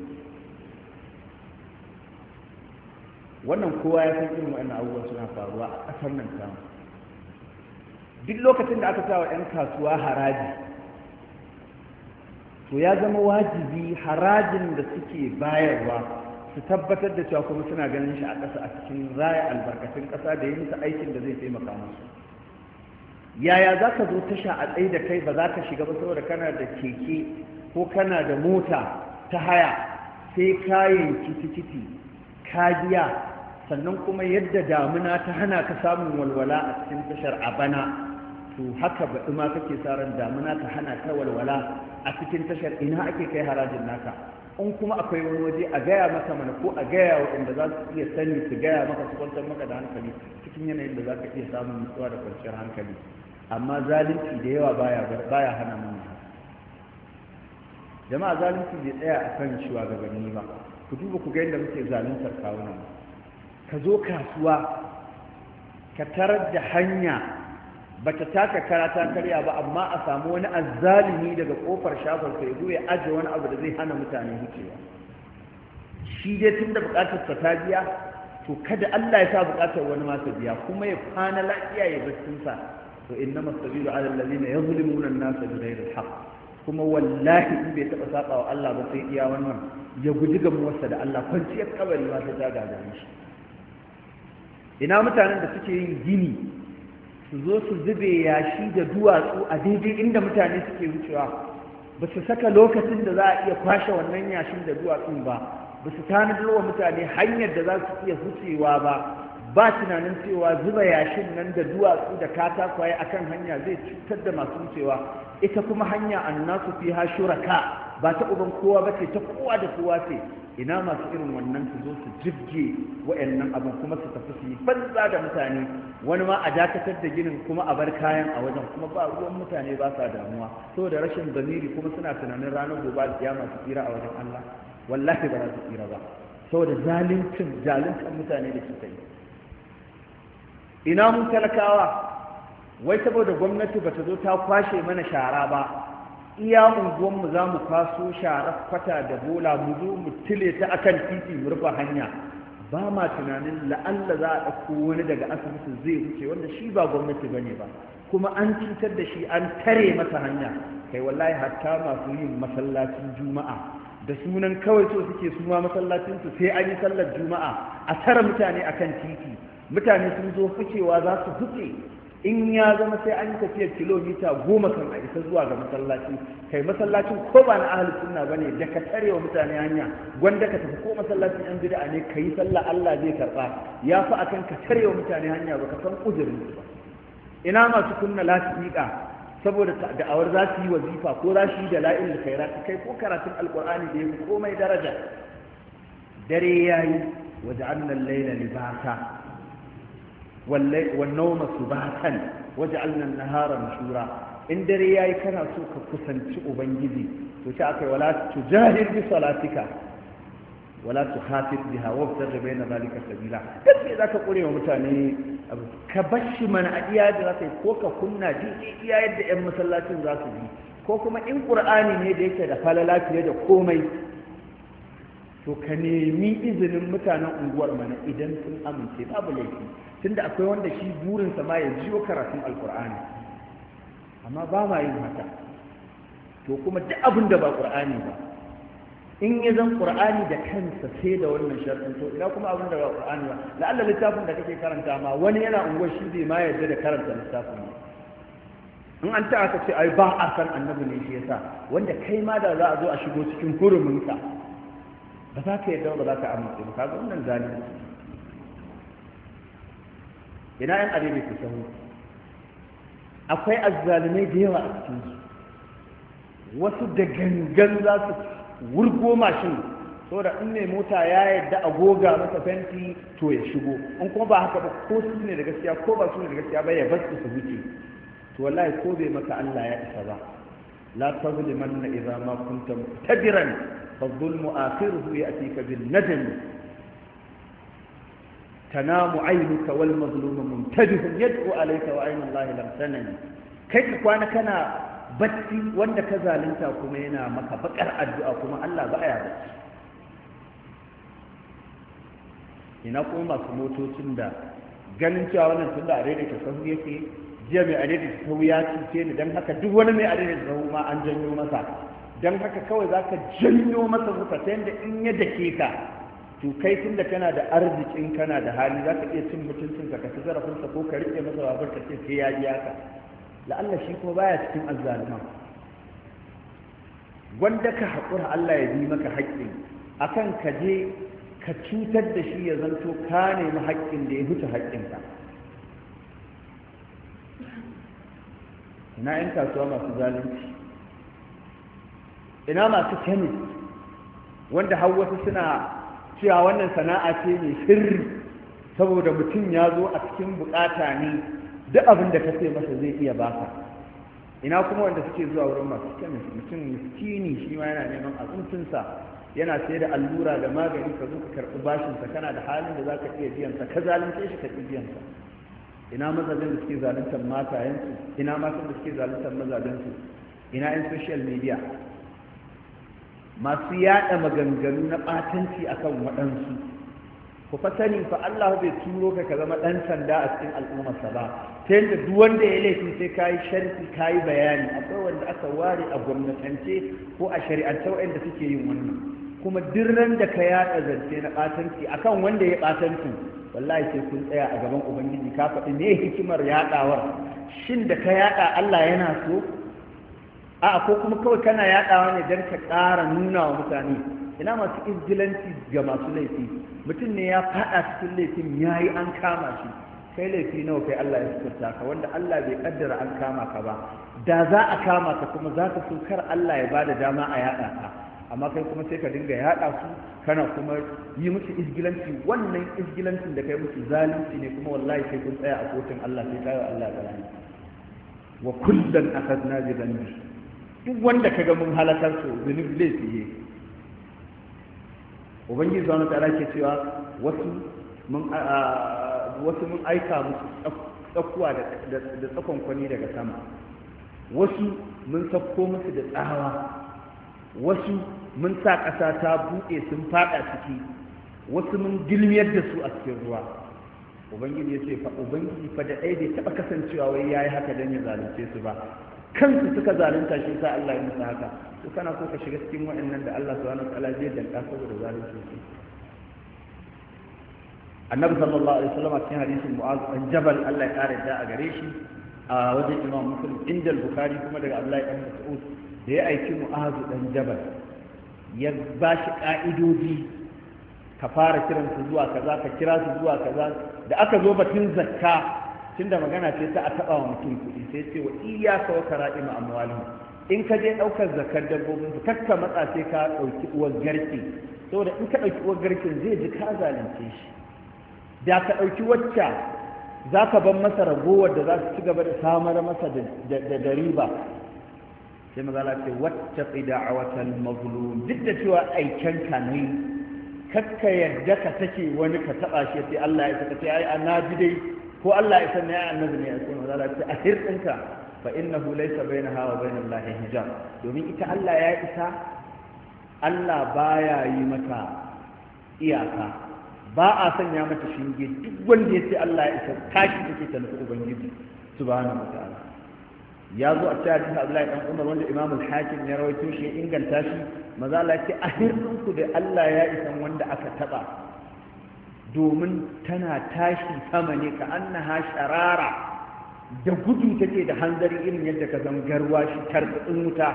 wannan kowa ya san irin wa'annan abubuwan suna faruwa a ƙasar nan ta duk lokacin da aka sawa 'yan kasuwa haraji to ya zama wajibi harajin da suke bayarwa su tabbatar da cewa kuma suna ganin shi a ƙasa a cikin raya albarkatun ƙasa da yi aikin da zai taimaka musu yaya za ka zo tasha a tsaye da kai ba za ka shiga ba saboda kana da keke ko kana da mota ta haya sai kayan kiti-kiti? kajiya sannan kuma yadda damuna ta hana ka samun walwala a cikin tashar a bana to haka baɗi ma kake sa ran damuna ta hana ka walwala a cikin tashar ina ake kai harajin naka in kuma akwai wani waje a gaya maka mana ko a gaya waɗanda za su iya sani su gaya maka su kwantar maka da hankali cikin yanayin da za ka iya samun nutsuwa da kwanciyar hankali amma zalunci da yawa baya hana mun jama'a zalunci bai tsaya a kan shugabanni ba ku duba ku ga yadda muke zaluntar kawunan ka zo kasuwa ka tarar da hanya ba ta taka karata karya ba amma a samu wani azalimi daga kofar shafar ka zo ya ajiye wani abu da zai hana mutane wucewa shi dai tun da bukatar sa ta biya to kada Allah ya sa bukatar wani ma ta biya kuma ya kwana lafiya ya baccinsa to inna masabiru ala allazina yazlimuna an-nasa bighayri haqq kuma wallahi in bai taɓa saɓa wa Allah ba sai iya wannan ya guji gamuwarsa da Allah kwanciyar kabari ma ta jaga da shi ina mutanen da suke yin gini su zo su zube yashi da duwatsu a daidai inda mutane suke wucewa ba su saka lokacin da za a iya kwashe wannan yashin da duwatsun ba ba su tanadar wa mutane hanyar da za su iya wucewa ba ba tunanin cewa zuba yashin nan da duwatsu da katakwaye akan hanya zai cutar da masu wucewa ita kuma hanya annasu fi ha shuraka ba ta uban kowa ba ce ta kowa da kowa ce ina masu irin wannan su zo su jibge wa'annan abin kuma su tafi su yi banza da mutane wani ma a dakatar da ginin kuma a bar kayan a wajen kuma ba ruwan mutane ba sa damuwa saboda rashin zamiri kuma suna tunanin ranar gobe alkiyama su tsira a wajen Allah wallahi ba za su tsira ba saboda zaluncin zaluntar mutane da suka yi ina mun talakawa wai saboda gwamnati ba ta zo ta kwashe mana shara ba iya mu za mu kwaso shara kwata da bola mu zo mu tile ta akan titi mu rufe hanya ba ma tunanin la'alla za a ɗauko wani daga asibiti zai wuce wanda shi ba gwamnati ba ne ba kuma an cutar da shi an tare masa hanya kai wallahi hatta masu yin masallacin juma'a da sunan kawai so suke suma masallacinsu sai an yi sallar juma'a a tara mutane akan titi mutane sun zo fucewa za su fice in ya zama sai an yi tafiyar kilomita goma kan a isa zuwa ga masallaci kai masallacin ko ba na ahalus sunna bane da ka tarewa mutane hanya gwanda ka tafi ko masallacin yan bid'a ne kai sallah Allah zai karba ya fi akan ka tarewa mutane hanya baka san uzurin ba ina masu kunna lafiƙa saboda da'awar za su yi wazifa ko za su yi da la'in khairat kai ko karatun alqur'ani da fi komai daraja dare yayi waja'alna al laila libasa والنوم سباتا وجعلنا النهار مشورا in dare yayi kana so ka kusanci ubangiji to sai akai wala tujahir bi salatika wala tukhafit biha wabtaghi bayna zalika sabila kace zaka kure wa mutane ka bashi mana a iya ko ka kunna ji iya yadda yan masallacin za su bi ko kuma in qur'ani ne da yake da falala fiye da komai to ka nemi izinin mutanen unguwar mana idan sun amince babu laifi tunda akwai wanda shi burinsa ma ya jiyo karatun alkur'ani amma ba ma yin haka to kuma duk abin da ba ƙur'ani ba in ya zan ƙur'ani da kansa sai da wannan sharɗin to ina kuma abin da ba ƙur'ani ba la'alla littafin da kake karanta ma wani yana unguwar shi bai ma yarda da karanta littafin ba in an ta aka ce ai ba a san annabi ne shi yasa wanda kai ma da za a zo a shigo cikin hurumin ka ba za ka yarda ba za ka amince ba ga wannan zalunci ina yan adai ku sahu akwai azzalumai da yawa a cikin su wasu da gangan za su wurgo mashin saboda in mai mota ya yadda a goga masa fenti to ya shigo in kuma ba haka ba ko su ne da gaskiya ko ba su ne da gaskiya ba ya bar su wuce to wallahi ko bai maka Allah ya isa ba la tazlimanna idza ma kunta muqtadiran fa dhulmu akhiruhu ya'tika bin nadam tanamu ainuka wal mazlumu muntajihun yad'u alayka wa aynu Allah lam tanani kai ka kwana kana bacci wanda ka zalunta kuma yana maka bakar addu'a kuma Allah ba ya bacci ina kuma masu motocin da ganin cewa wannan da a daidaita sahu yake jiya mai adaidaita sahu ya cuce ni don haka duk wani mai adaidaita sahu ma an janyo masa don haka kawai za ka janyo masa wuta ta yadda in ya dake ka to kai tun da kana da arzikin kana da hali za ka iya cin mutuncin ka ci sa, ko ka rike masa babur ka ce sai ya ji haka la'alla shi ko baya cikin azzalima wanda ka haƙura Allah ya bi maka haƙƙin akan ka je ka cutar da shi ya zanto ka nemi haƙƙin da ya huta ka. ina 'yan kasuwa masu zalunci ina masu kemis wanda har wasu suna cewa wannan sana'a ce mai sirri saboda mutum ya zo a cikin bukata ne duk abin da ka sai masa zai iya baka ina kuma wanda suke zuwa wurin masu kemis mutum miskini shi ma yana neman abincinsa yana sai da allura da magani ka zo ka karɓi bashinsa kana da halin da za ka iya biyansa ka zalunce shi ka ƙi biyansa ina mazajen da suke zaluntar matayensu ina matan da suke zaluntar mazajensu ina yan social media masu yada maganganu na batanci akan waɗansu ku fa sani fa Allah bai turo ka ka zama dan sanda a cikin al'ummar sa ba ta yadda duk wanda ya laifi sai kayi sharhi kayi bayani akwai wanda aka ware a gwamnatance ko a shari'ance waanda suke yin wannan kuma dirran da ka yada zance na batanci akan wanda ya batanci wallahi sai kun tsaya a gaban ubangiji ka faɗi me hikimar yaɗawar shin da ka yaɗa Allah yana so a ko kuma kawai kana yaɗawa ne don ka ƙara nuna wa mutane ina masu izgilanci ga masu laifi mutum ne ya faɗa cikin laifin ya yi an kama shi kai laifi nawa kai Allah ya sukurta ka wanda Allah bai kaddara an kama ka ba da za a kama ka kuma za ka so kar Allah ya bada dama a yaɗa ka amma kai kuma sai ka dinga yaɗa su kana kuma yi musu izgilanci wannan izgilancin da kai musu zalunci ne kuma wallahi sai kun tsaya a kotun Allah sai kayo Allah ya wa kullan akhadna bi dhanbi duk wanda ka ga mun halakar su zunubi zai fiye ubangiji zuwa ta'ala ke cewa wasu mun aika musu tsakuwa da tsakon kwani daga sama wasu mun sakko musu da tsawa wasu mun sa ƙasa ta buɗe sun faɗa ciki wasu mun gilmiyar da su a cikin ruwa ubangiji ya ce fa ubangiji fa da ɗaya bai taɓa kasancewa wai ya yi haka don ya zalunce su ba kansu suka zalunta shi sa Allah ya musu haka to kana so ka shiga cikin wa'annan da Allah subhanahu wa ta'ala zai danka saboda zalunci shi annabi sallallahu alaihi wasallam cikin hadisin mu'az an jabal Allah ya kare da a gare shi a wajen imam muslim inda bukhari kuma daga Abdullahi ibn Mas'ud da ya aiki mu'az dan jabal ya ba shi ka'idoji ka fara kiransu zuwa kaza ka kira su zuwa kaza da aka zo batun zakka tunda magana ce ta a taɓa wa mutum kuɗi sai ce wa iya sauka wa kara'ima amwalihim in ka je ɗaukar zakar dabbobin su kakka matsa sai ka ɗauki uwar garke saboda in ka ɗauki uwar zai ji ka zalunce shi da ka ɗauki wacce za ka ban masa ragowar da za su ci gaba da samar masa da riba sai magana ce wacce tsida'awatan mazlum duk da cewa aiken ka ne kakka yadda ka take wani ka taɓa shi sai Allah ya saka sai ai na ji dai ko Allah ya san ya annabi ne ya ce maza ta ahir ɗinka fa innahu laysa bainaha wa bainal lahi hijab domin ita Allah ya isa Allah baya yi mata iyaka ba a sanya mata shinge duk wanda ya ce Allah ya isa tashi take ta nufi ubangiji subhanahu wataala ya zo a cikin hadisi Abdullahi dan Umar wanda Imam al-Hakim ya rawaito shi ya inganta shi maza Allah ya ce ahir ɗinku da Allah ya isa wanda aka taba domin tana tashi sama ne ka annaha sharara da gudu take da hanzari irin yadda ka garwa, shi tarbiɗin wuta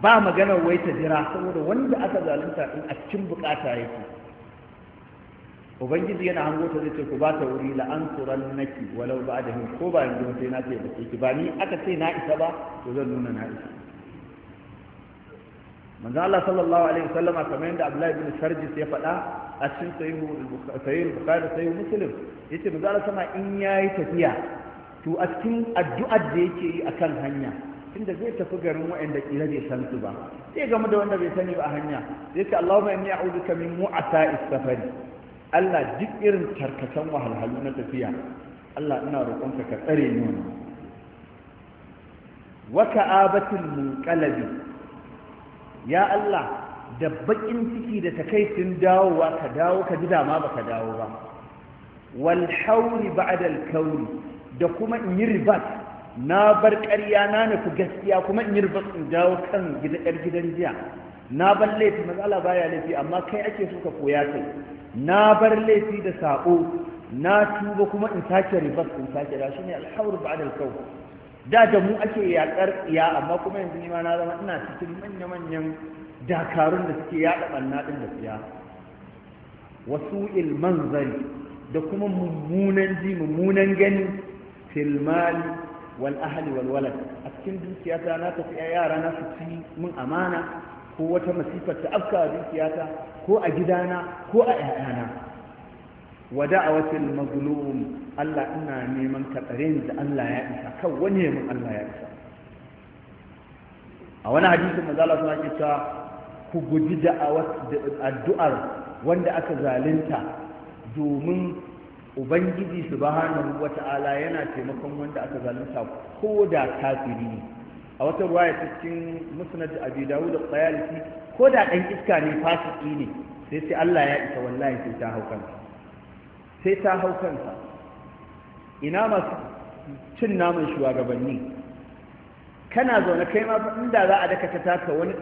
ba maganar wai ta jira saboda wanda aka zalunta in a cikin bukata yake ubangiji yana hango ta zai ce ku ba ta wuri la'an tsoron naki walau ba da ko ba yanzu sai na ce ba ba ni aka ce na isa ba to zan nuna na isa manzo Allah sallallahu alaihi wasallama kamar yadda Abdullahi bin Sarjis ya faɗa a cikin sahihu sahihul Bukhari sahihu Muslim yace manzo Allah sama in yayi tafiya to a cikin addu'ar da yake yi akan hanya inda zai tafi garin waɗanda kila bai san su ba sai game da wanda bai sani ba a hanya zai ce Allahumma inni a'udhuka min mu'ata safari Allah duk irin tarkatan wahalhalu na tafiya Allah ina roƙonka ka tsare ni wannan wa ka'abatul munqalabi ya Allah da bakin ciki da takaicin dawowa ka dawo ka ji dama ba baka dawo ba wal hauri ba'da al da kuma in yi ribat na bar ƙarya na nufi gaskiya kuma in yi ribat in dawo kan gidan gidan jiya na bar laifi matsala baya laifi amma kai ake so ka koya kai na bar laifi da sako na tuba kuma in sake ribat in sake da shine al hauri ba'da al da da mu ake yaƙar iya amma kuma yanzu ni ma na zama ina cikin manya-manyan dakarun da suke yaɗa ɓanna ɗin da siya. wasu ilman zari, da kuma mummunan ji mummunan gani filmal wal ahli wal walad a cikin dukiyata na tafi yara na su ci min amana ko wata masifar ta afka dukiyata ko a gidana ko a 'ya'yana wa da'awatil mazlum Allah ina neman ka tsare ni da Allah ya isa kan wani mun Allah ya isa a wani hadisin manzo Allah sallallahu alaihi wasallam ku guji da'awat addu'ar wanda aka zalunta domin ubangiji subhanahu wata'ala yana taimakon wanda aka zalunta ko da kafiri ne a wata ruwaya cikin musnad abi dawud al-qayalisi ko da dan iska ne fasiki ne sai sai Allah ya isa wallahi sai ta hauka sai ta hau kansa ina masu cin naman shugabanni kana zaune kai ma da za a daka ta taka wani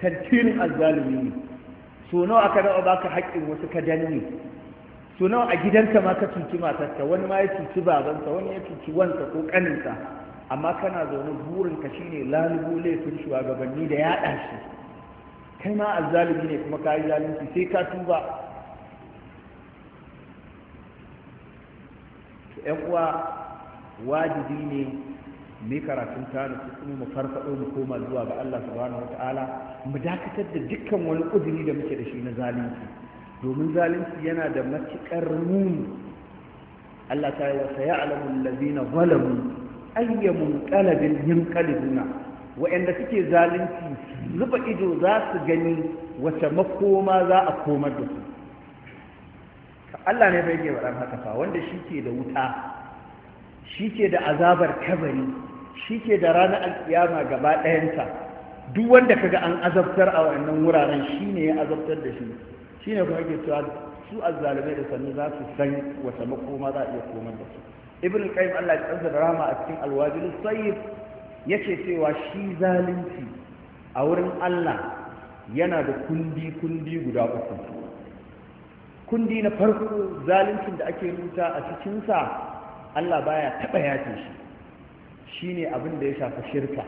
tantirin azzalumi ne so nawa aka raba baka haƙƙin wasu ka danne so nawa a gidanka ma ka cuci matarka wani ma ya cuci babansa wani ya cuci wansa ko kaninsa amma kana zaune burinka shine lalubo laifin shugabanni da yaɗa shi kai ma azzalumi ne kuma ka yi zalunci sai ka tuba yan uwa wajibi ne mai karatun tanu kuma mu farfaɗo mu koma zuwa ga Allah subhanahu wataala mu dakatar da dukkan wani kuduri da muke da shi na zalunci domin zalunci yana da matukar muni Allah ta yi wa sayalamu allazina zalamu ayyamun qalbin yanqalibuna wa'anda suke zalunci zuba ido za su gani wace makoma za a komar da su Allah ne fa ke faɗan haka fa wanda shi ke da wuta shi ke da azabar kabari shi ke da ranar alkiyama gaba ɗayanta duk wanda kaga an azabtar a wannan wuraren shi ne ya azabtar da shi shi ne kuma ake cewa su azzalimai da sannu za su san wata makoma za a iya komar da su ibn qayyim Allah ya tsantsa da a cikin alwajil sayyid yace cewa shi zalunci a wurin Allah yana da kundi kundi guda uku kundi na farko zaluncin da ake rubuta a cikinsa Allah baya taɓa yace shi shine abin da ya shafi shirka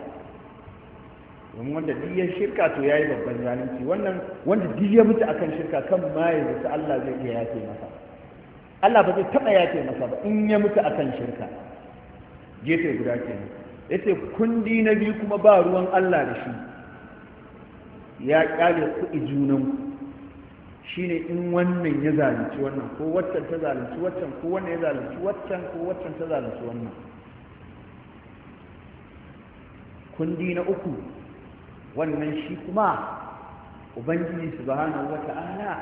domin wanda duk ya shirka to yayi babban zalunci wannan wanda duk ya mutu akan shirka kan ma ya zata Allah zai iya yace masa Allah ba zai taɓa yace masa ba in ya mutu akan shirka gefe guda kenan yace kundi na biyu kuma ba ruwan Allah da shi ya kyale ku junanku shine in wannan ya zalunci wannan ko waccan ta zalunci waccan ko wannan ya zalunci waccan ko waccan ta zalunci wannan kundi na uku wannan shi kuma ubangiji subhanahu wata'ala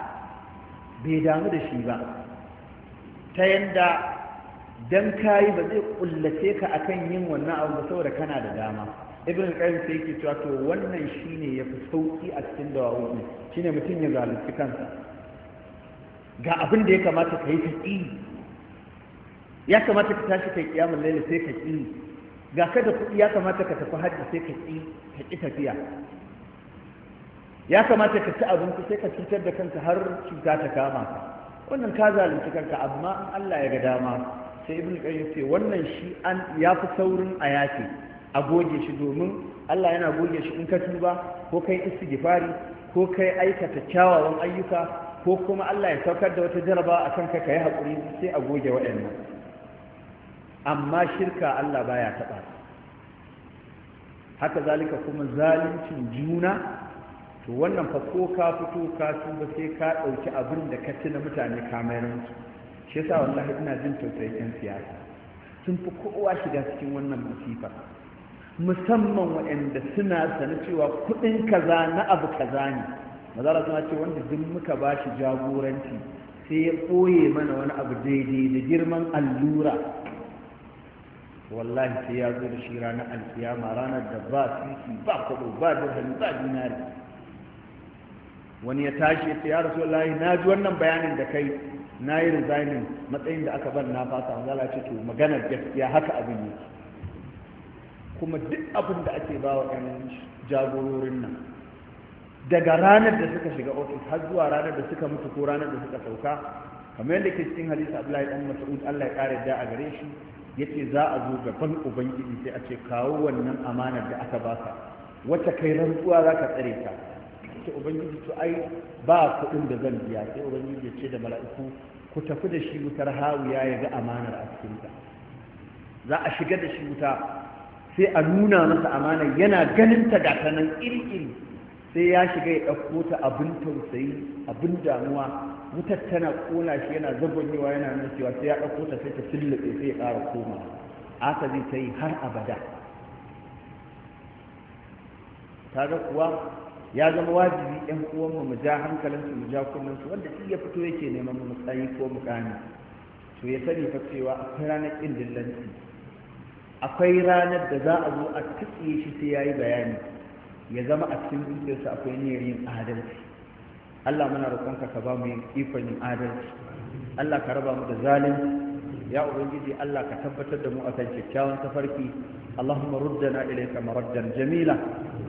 bai damu da shi ba ta yanda dan kayi ba zai kullace ka akan yin wannan abu ba saboda kana da dama ibn al-qayyim sai yake cewa to wannan shine yafi sauki a cikin dawawu ne shine mutum ya zalunci kansa ga abin da ya kamata ka yi ka ƙi ya kamata ka tashi kai kiyamul laili sai ka ƙi ga kada da kuɗi ya kamata ka tafi hajji sai ka ƙi ka ƙi tafiya ya kamata ka ci abinci sai ka cutar da kanka har cuta ta kama ka wannan ka zalunci kanka amma Allah ya ga dama sai ibn qayyim ce wannan shi an yafi saurin a yafe a goge shi domin Allah yana goge shi in ka tuba ko kai istighfari ko kai aikata kyawawan ayyuka ko kuma Allah ya saukar da wata jaraba a kanka ka yi haƙuri sai a goge waɗannan amma shirka Allah baya taɓa haka zalika kuma zaluncin juna to wannan fa ko ka fito ka tuba sai ka ɗauki abin da ka tuna mutane ka mayar musu shi yasa wallahi ina jin tausayin siyasa sun fi kowa shiga cikin wannan masifa musamman waɗanda suna sana cewa kuɗin kaza na abu kaza ne mazara suna ce wanda duk muka ba shi jagoranci sai ya ɓoye mana wani abu daidai da girman allura wallahi sai ya zo da shi ranar alkiyama ranar da ba sisi ba kwaɗo ba dirhami ba dinari wani ya tashi ya ce ya rasu wallahi na ji wannan bayanin da kai na yi resigning matsayin da aka bar na fasa wanzala ce to maganar gaskiya haka abin yake kuma duk abin da ake ba wa ɗan jagororin nan daga ranar da suka shiga ofis har zuwa ranar da suka mutu ko ranar da suka sauka kamar yadda ke cikin hadisi abdullahi dan mas'ud Allah ya kare da a gare shi yace za a zo gaban ubangiji sai a ce kawo wannan amanar da aka baka wacce kai rantsuwa za ka tsare ta ce ubangiji to ai ba kuɗin da zan biya sai ubangiji ya ce da mala'iku ku tafi da shi wutar hawu ya ga amanar a cikinta za a shiga da shi wuta sai a nuna masa amana yana ganin ta da nan irin sai ya shiga ya ɗauko ta abin tausayi abin damuwa wutar tana ƙona shi yana zagonyewa yana nan cewa sai ya ɗauko ta sai ta silliɓe sai ya ƙara koma aka zai ta yi har abada kaga kuwa ya zama wajibi ɗan uwanmu mu ja hankalinsu mu ja su wanda shi ya fito yake neman mu matsayi ko mukami to ya sani fa cewa akwai ranar ƙin dillanci akwai ranar da za a zo a tutsiye shi sai ya yi bayani ya zama a cikin zuciyarsa akwai niyyar yin adalci Allah muna roƙonka ka ba mu yin ikon yin adalci Allah ka raba mu da zalunci ya ubangiji Allah ka tabbatar da mu akan kyakkyawan tafarki اللهم ردنا إليك مردا جميلا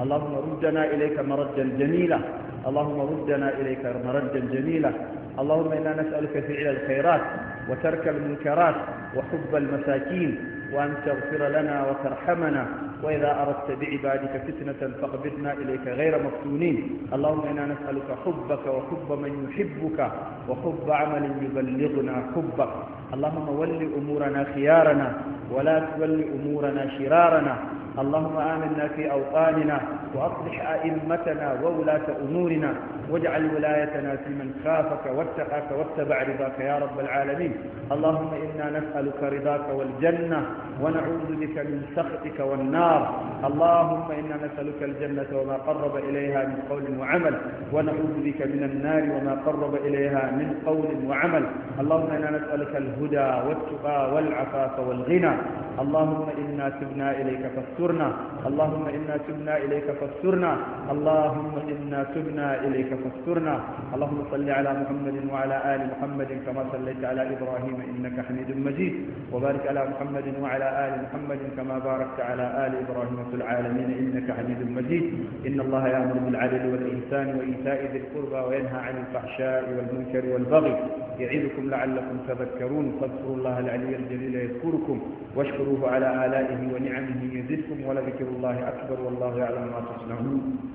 اللهم ردنا إليك مردا جميلا اللهم ردنا إليك مردا جميلا اللهم إنا نسألك فعل الخيرات وترك المنكرات وحب المساكين وأن تغفر لنا وترحمنا وإذا أردت بعبادك فتنة فاقبضنا إليك غير مفتونين اللهم إنا نسألك حبك وحب من يحبك وحب عمل يبلغنا حبك اللهم ول أمورنا خيارنا ولا تول أمورنا شرارنا اللهم آمنا في أوطاننا وأصلح أئمتنا وولاة أمورنا واجعل ولايتنا في من خافك واتقاك واتبع رضاك يا رب العالمين اللهم إنا نسألك رضاك والجنة ونعوذ بك من سخطك والنار اللهم إنا نسألك الجنة وما قرب إليها من قول وعمل ونعوذ بك من النار وما قرب إليها من قول وعمل اللهم إنا نسألك الهدى والتقى والعفاف والغنى اللهم إنا تبنا إليك فاستر فاسترنا اللهم إنا تبنا إليك فاسترنا اللهم إنا تبنا إليك فاسترنا اللهم صل على محمد وعلى آل محمد كما صليت على إبراهيم إنك حميد مجيد وبارك على محمد وعلى آل محمد كما باركت على آل إبراهيم في العالمين إنك حميد مجيد إن الله يأمر بالعدل والإحسان وإيتاء ذي القربى وينهى عن الفحشاء والمنكر والبغي يعيدكم لعلكم تذكرون فاذكروا الله العلي الجليل يذكركم واشكروه على آلائه ونعمه يزدكم ولذكر الله أكبر والله يعلم ما تصنعون